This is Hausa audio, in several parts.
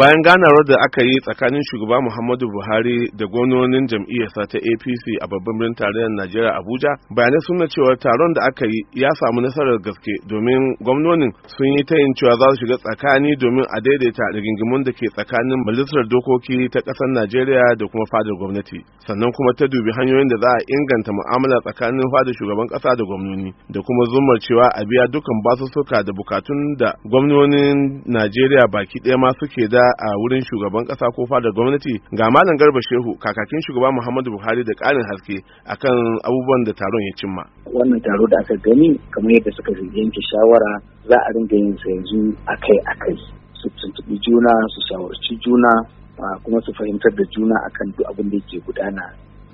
bayan ganawar da aka yi tsakanin shugaba muhammadu buhari da gwamnonin jam'iyyarsa ta apc a babban birnin tarayyar najeriya abuja bayanai suna cewa taron da aka yi ya samu nasarar gaske domin gwamnonin sun yi ta yin cewa za su shiga tsakani domin a daidaita rigingimun da ke tsakanin majalisar dokoki ta ƙasar najeriya da kuma fadar gwamnati sannan kuma ta dubi hanyoyin da za a inganta mu'amala tsakanin fadar shugaban ƙasa da gwamnoni da kuma zumar cewa a biya dukkan basussuka da bukatun da gwamnonin najeriya baki ɗaya ma suke da gida a wurin shugaban kasa ko fadar gwamnati ga malam garba shehu kakakin shugaba muhammadu buhari da karin haske akan abubuwan da taron ya cimma wannan taro da aka gani kamar yadda suka yanke shawara za a ringa yin sa yanzu akai-akai su tuntuɓi juna su shawarci juna kuma su fahimtar da juna akan duk abin da yake gudana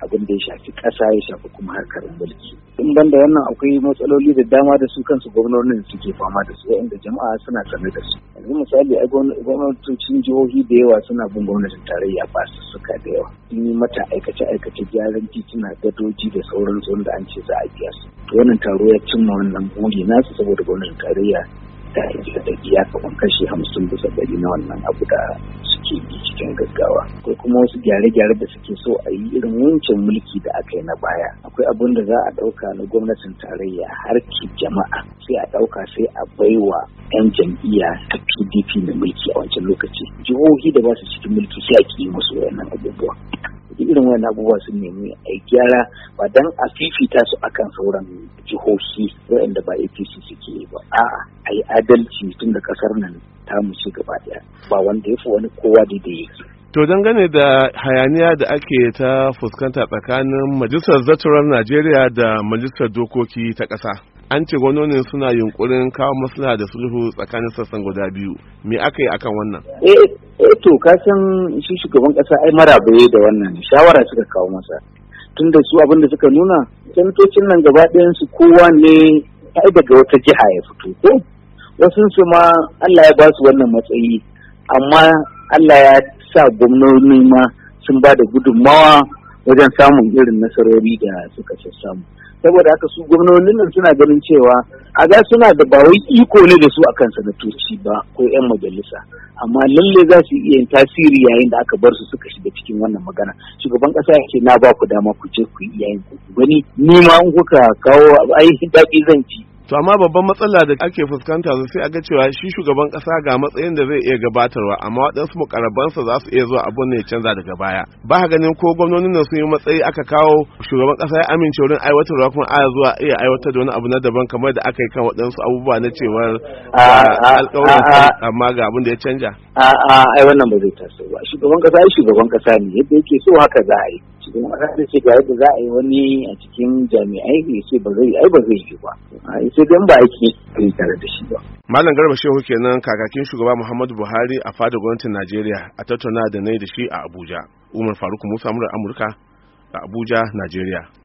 abin da ya shafi ƙasa ya shafi kuma harkar mulki in banda wannan akwai matsaloli da dama da su kansu gwamnonin suke fama da su inda jama'a suna sane da su yanzu misali a gwamnatocin jihohi da yawa suna bin gwamnatin tarayya ba su suka da yawa sun yi mata aikace aikace gyaran tituna gadoji da sauran da an ce za a biya su wannan taro ya cimma wannan buri nasu saboda gwamnatin tarayya da ya kaman kashi hamsin bisa ɗari na wannan abu da suke yi cikin gaggawa akwai kuma wasu gyare-gyare da suke so a yi irin wancan mulki da aka yi na baya akwai abin da za a ɗauka na gwamnatin tarayya har harki jama'a sai a ɗauka sai a baiwa 'yan jam'iyya ta pdp mai mulki a wancan lokaci jihohi da ba su cikin mulki sai a ki musu wannan abubuwa irin wani abubuwa sun nemi a yi gyara ba don a fifita su akan sauran jihohi wa'anda ba apc suke ba a'a a yi adalci tun da kasar nan ta mushe gaba daya ba wanda ya fi wani kowa daidai yake to dangane da hayaniya da ake ta fuskanta tsakanin majalisar zaturar najeriya da majalisar dokoki ta ƙasa an ce gwamnonin suna yunkurin kawo maslaha da sulhu tsakanin sassan guda biyu me aka yi akan wannan eh, eh to kasan shi shugaban ƙasa ai marabaye da wannan shawara suka kawo masa tunda su abinda da suka nuna sanatocin nan gaba ɗayan su kowa ne ai daga wata jiha ya fito ko wasu su ma Allah ya ba su wannan matsayi amma Allah ya sa gwamnoni ma sun ba da gudunmawa wajen samun irin nasarori da suka samu saboda haka su gwamnonin nan suna ganin cewa a ga suna da ba wai iko ne da su akan sanatoci ba ko 'yan majalisa amma lalle za su iya tasiri yayin da aka bar su suka shiga cikin wannan magana shugaban kasa ya ce na ba ku dama ku je ku yi yayin ku gani ni ma in kuka kawo ai daɗi zan ci to amma babban matsala da ake fuskanta sai a ga cewa shi shugaban kasa ga matsayin da zai iya gabatarwa amma waɗansu mukarabansa za su iya zuwa abun ne canza daga baya ba ganin ko gwamnonin nan sun yi matsayi aka kawo shugaban kasa ya amince wurin aiwatarwa kuma a zuwa iya aiwatar da wani abu na daban kamar da aka yi kan waɗansu abubuwa na cewar alƙawarin amma ga abin da ya canja a'a ai wannan ba zai taso ba shugaban kasa ai shugaban kasa ne yadda yake so haka za a yi shugaban kasa zai ce ga yadda za a yi wani a cikin jami'ai ya ce ba zai ai ba zai yi ba ai sai dan ba aiki kai tare da shi ba Malam Garba Shehu kenan kakakin shugaba Muhammadu Buhari a fadar gwamnatin Najeriya a tattauna da nai da shi a Abuja Umar Faruk Musa Amurka a Abuja Najeriya